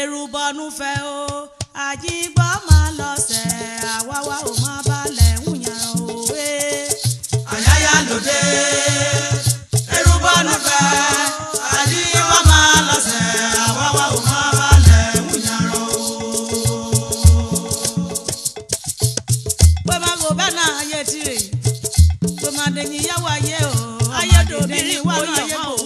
ẹ̀rù bọnú fẹ́ o àjígbọ́ máa lọ́sẹ̀ àwáwá ò má balẹ̀ ń yàn o. àyáyá lòdè ẹ̀rù bọnú fẹ́ àjígbọ́ máa lọ́sẹ̀ àwáwá ò má balẹ̀ ń yàn o. pé máa gbọ́ bẹ́ẹ̀ náà ayé tirẹ̀ pé máa dẹ̀yìn yáwó ayé o ayé dòbí wà náà ayé kò.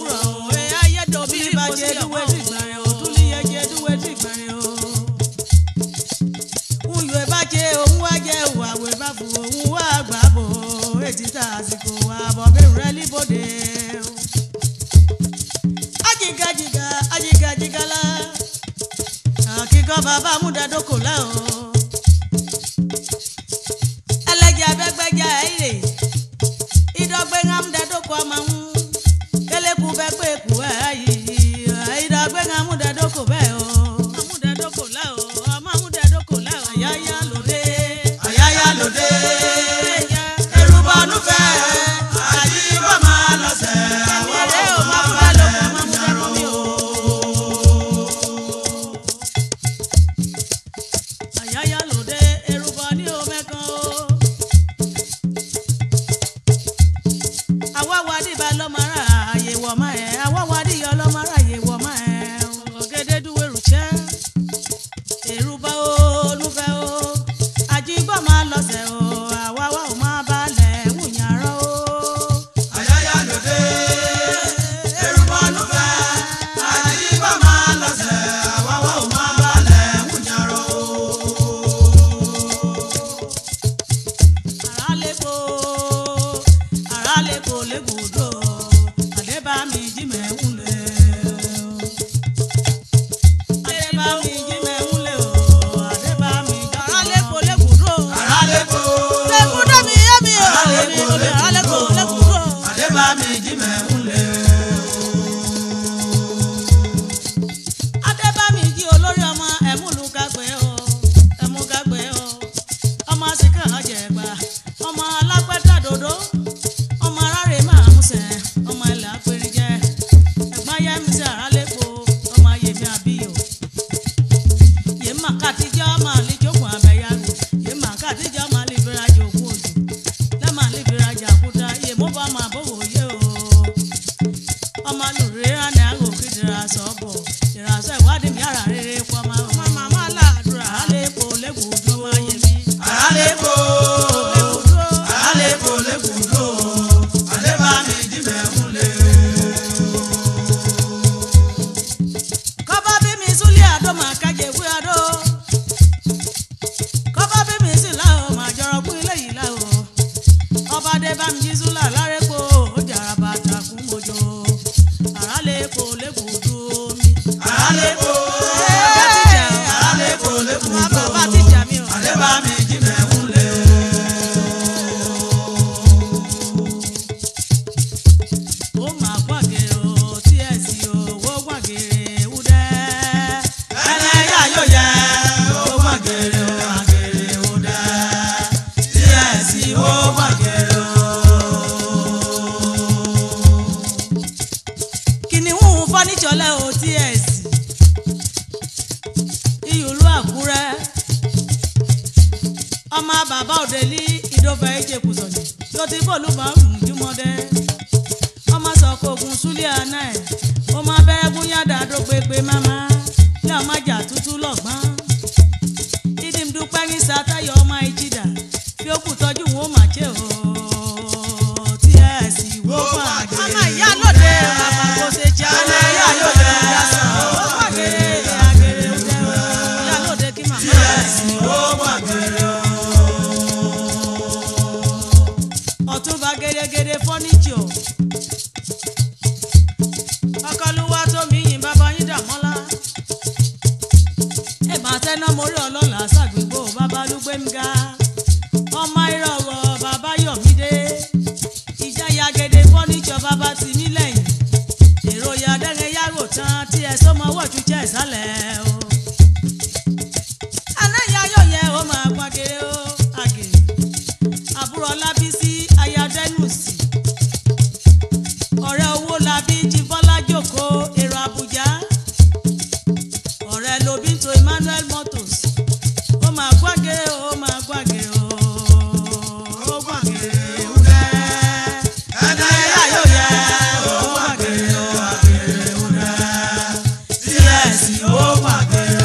ọmọ alágbádá dòdò. bá mi. ẹ̀sìn ó pàdé.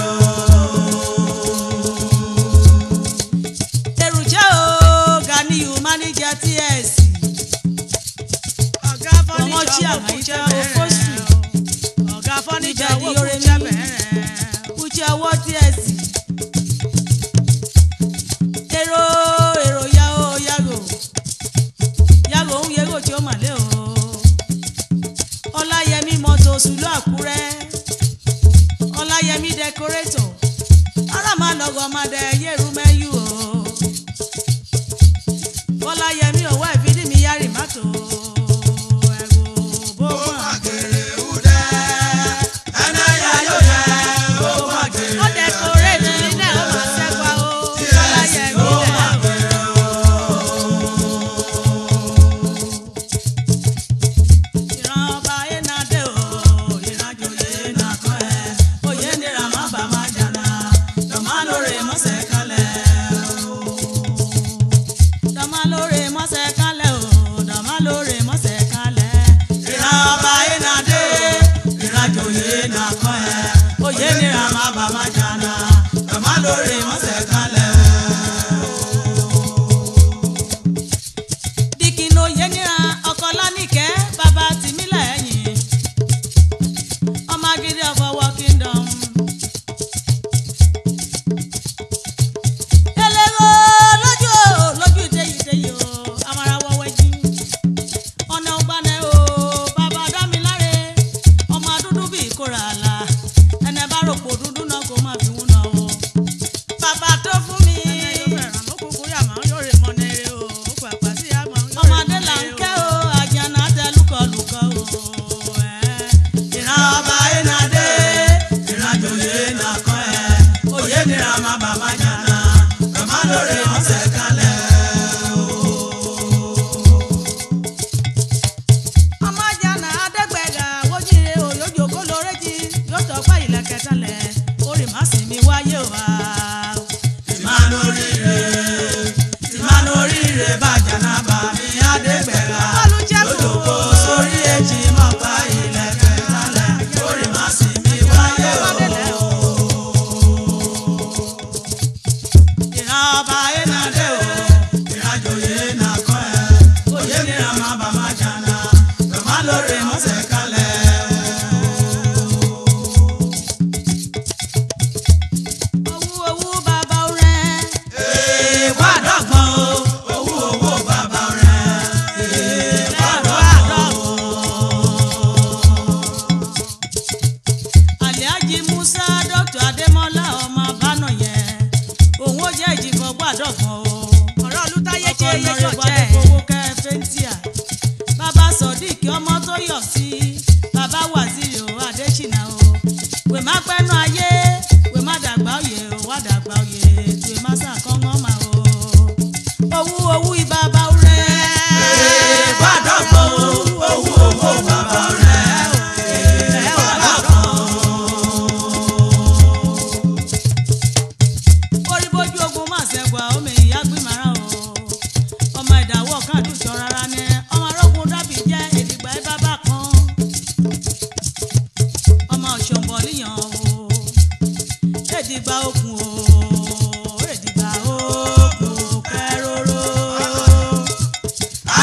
Rama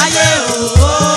ayé òwò.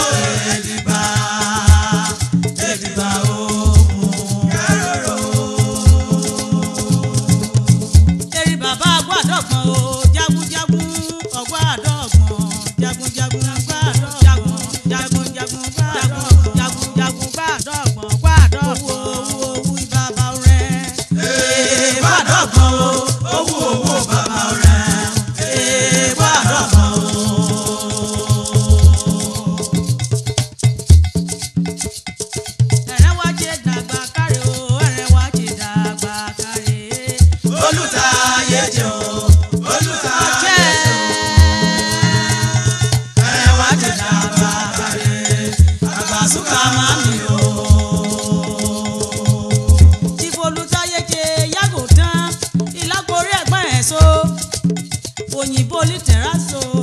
Eraso.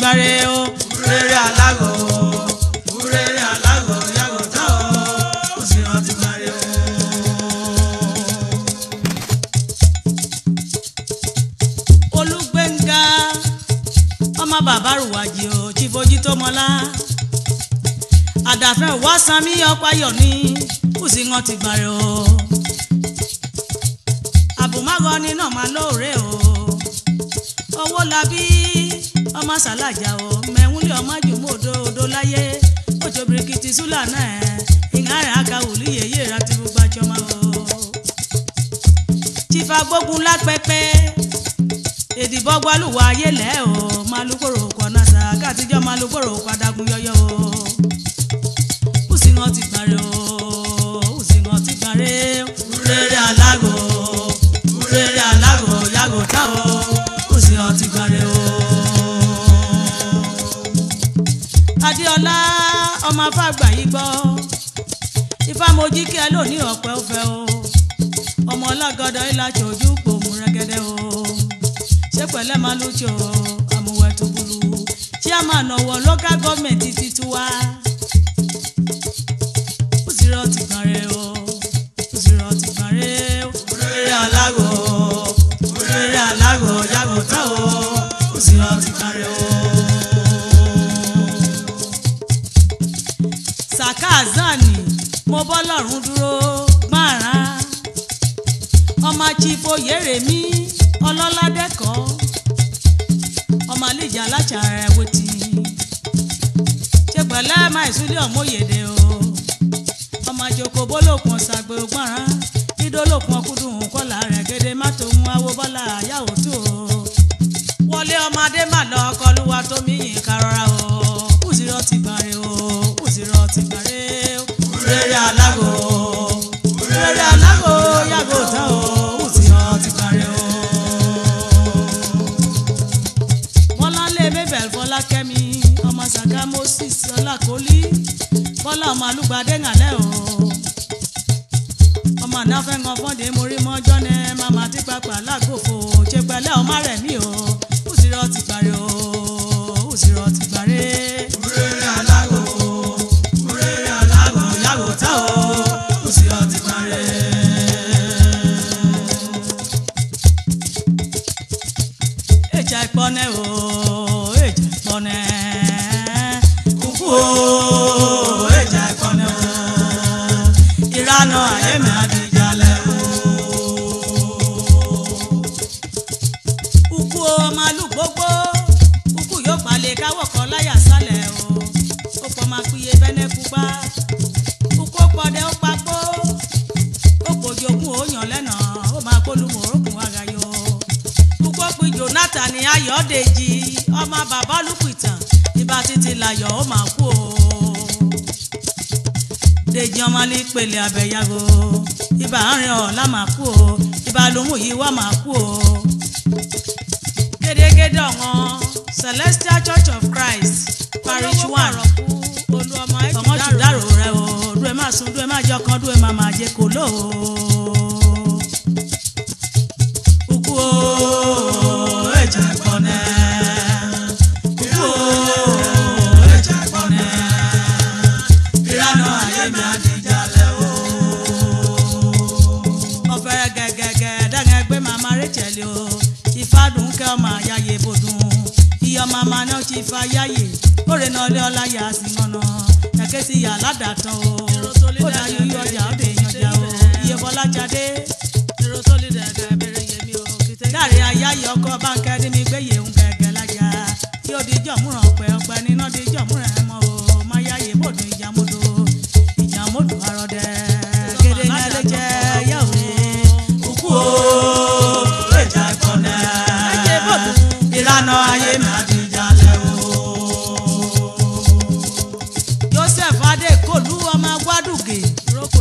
gbáre o rere alágọ̀ o rere alágọ̀ yàgò tá o sì rántí gbáre o. Olúgbénga ọmọ bàbá rùwájì o ti fojú tó mọ́lá àdàfẹ́ wá sanmi ọkọ ayọ̀ ní kùsì rántí gbáre o. gbógun lápẹpẹ èdìbò gbalùwà ayélẹ o malukoro kọnà sá káàtijọ malukoro kọdágun yọyọ o òsìngàn ti gbàre o òsìngàn ti gbàre rere alágò rere alágò yàgò táwọ òsìngàn ti gbàre o. adéọlá ọmọ afáàgbà yìí gbọ́ ifá mojí kí ẹ lónìí ọ̀pẹ ọ̀fẹ́ o ọlọ́gọ́dọ̀ ìlà ṣojú pòmù rẹ́gẹ́dẹ́ o ṣé pẹ̀lẹ́ máa ló ṣe o àmúwẹ̀ tó burú chairman ọ̀wọ̀ local government ti tu wa ó sì rọ ti o ó sì rọ ti kàn rẹ o. olórí o ó sì o. sàkáàzán ni mo bọ́ lọ́rùn dúró. chief oyèrèmí ọlọ́ládẹ́kọ̀ọ́ ọmọ àlejò aláṣà ẹ̀wò tì ṣe pẹ̀lẹ́ máa ìsúlẹ̀ ọ̀mọ́yèdè o ọmọ àjòkò bólókun ṣàgbé ògbọ́nrán dídólókun ọkùdùn kọ́là rẹ̀ gẹ́gẹ́ má tó mú awóbọ́lá àyàwó tó o ma ọmọdé má lọ kọlùwà tó míyìn kárọ́ra o kùsìrọ̀ ti bàrẹ̀ o kùsìrọ̀ ti bàrẹ̀ o rere aláwọ̀. Ọlá Màlúgbàdé of Christ parish one ọmọ ṣùdárò rẹ o ọdún ẹ má sùn ọdún ẹ má jẹ ọkàn ọdún ẹ má má jẹ kó lóo. àsìmọ̀nà jàkẹ́tì aládàtàn o ó dá yíyí ọjà ó dé yanjà o iye bọ́lá jáde. dáre ayáyé ọkọ báńkẹ́ ní mi gbéyè ń gẹ̀gẹ́ lájà kí ó di jọ̀múràn ọ̀pẹ ọ̀pẹ níná di jọ̀múràn ẹ̀mọ́ o máyáyé bòdù ìjàmódò ìjàmódò àròdẹ gèdè ní alẹ́ jẹ́ yẹ̀wò òkú o ìjà ìkọ̀nà ìlànà ayé màdù.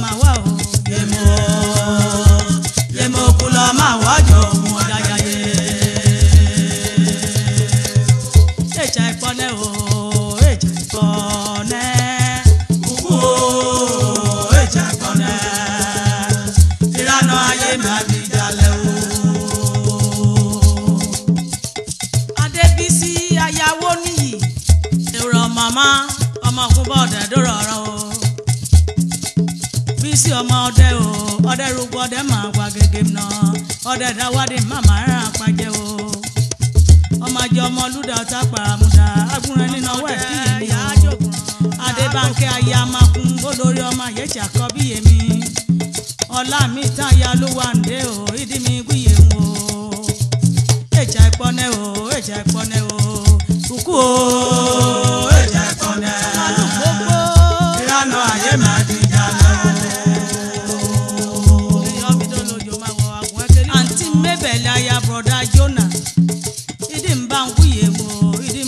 mama. order, now what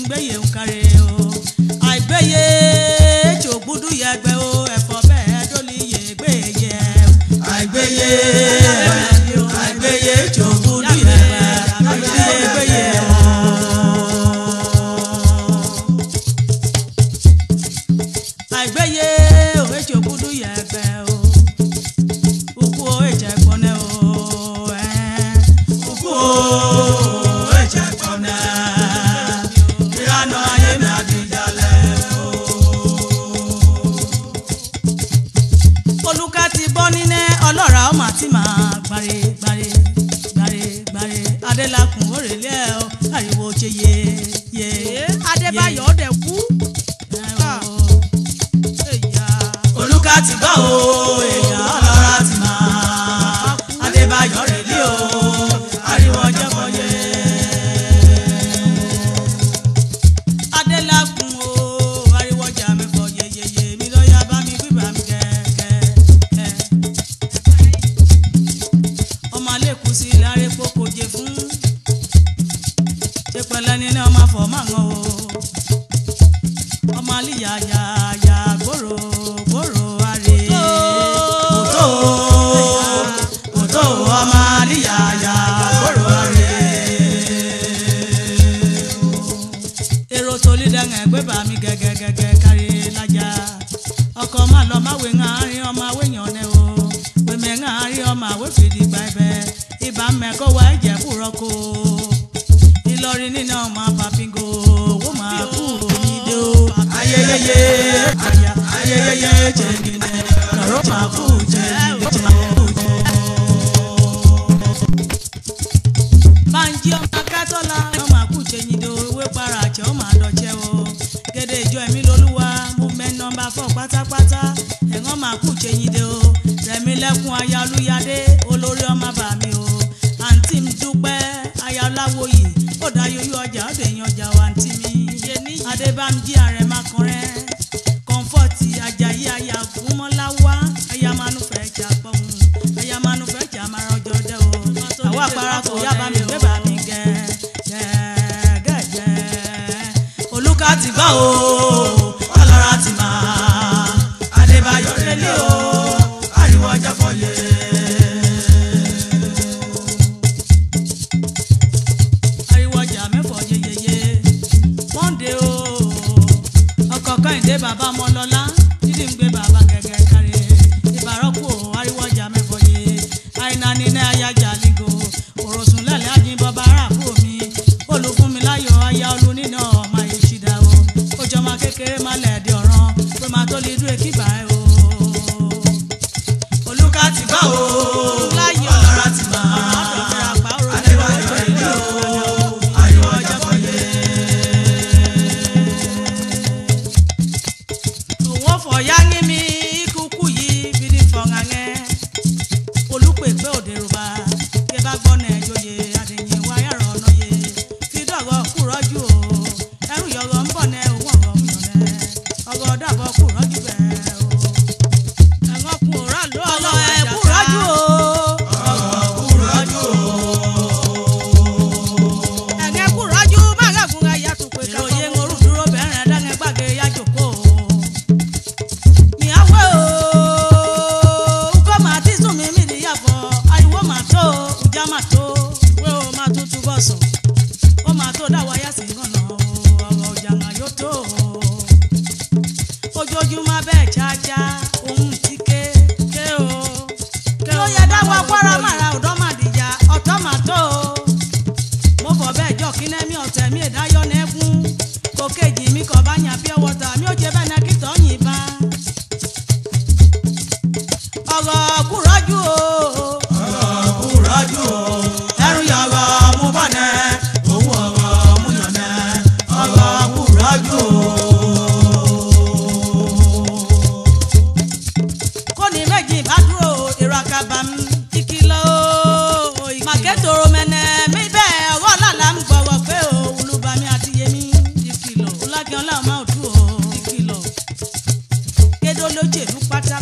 Baby. Banji ọmọ akátọ́lá ọmọ àkùjẹ nyindo ewé para àjẹ ọmọ àdọ̀jẹ o gèdè ìjọ ẹ̀mí lolúwa movement nọmba four pátápátá ẹ̀hán ọmọ àkùjẹ nyindo rẹ̀mí lẹ́kùn aya olúyadé olórí ọmọ bàmí o àǹtí mi dúpẹ́ aya ọláwòyí kódà yóyú ọjà ọdẹ yín ọjà wa àǹtí mi adébámjí àrẹ o ọlọ́ra ti mà Adébáyọ̀ relé o ariwo ọjà fọlẹ̀. ariwo ọjà mẹ́fọ̀ yeyeye monde o ọkọ̀ kẹ́hìndé bàbá ọmọlọ́lá dídí ń gbé bàbá gẹ́gẹ́ kárí ìbárọ̀kù ariwo mẹ́fọ̀ yeye àìnáni. olóṣèlú pátá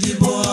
de boa.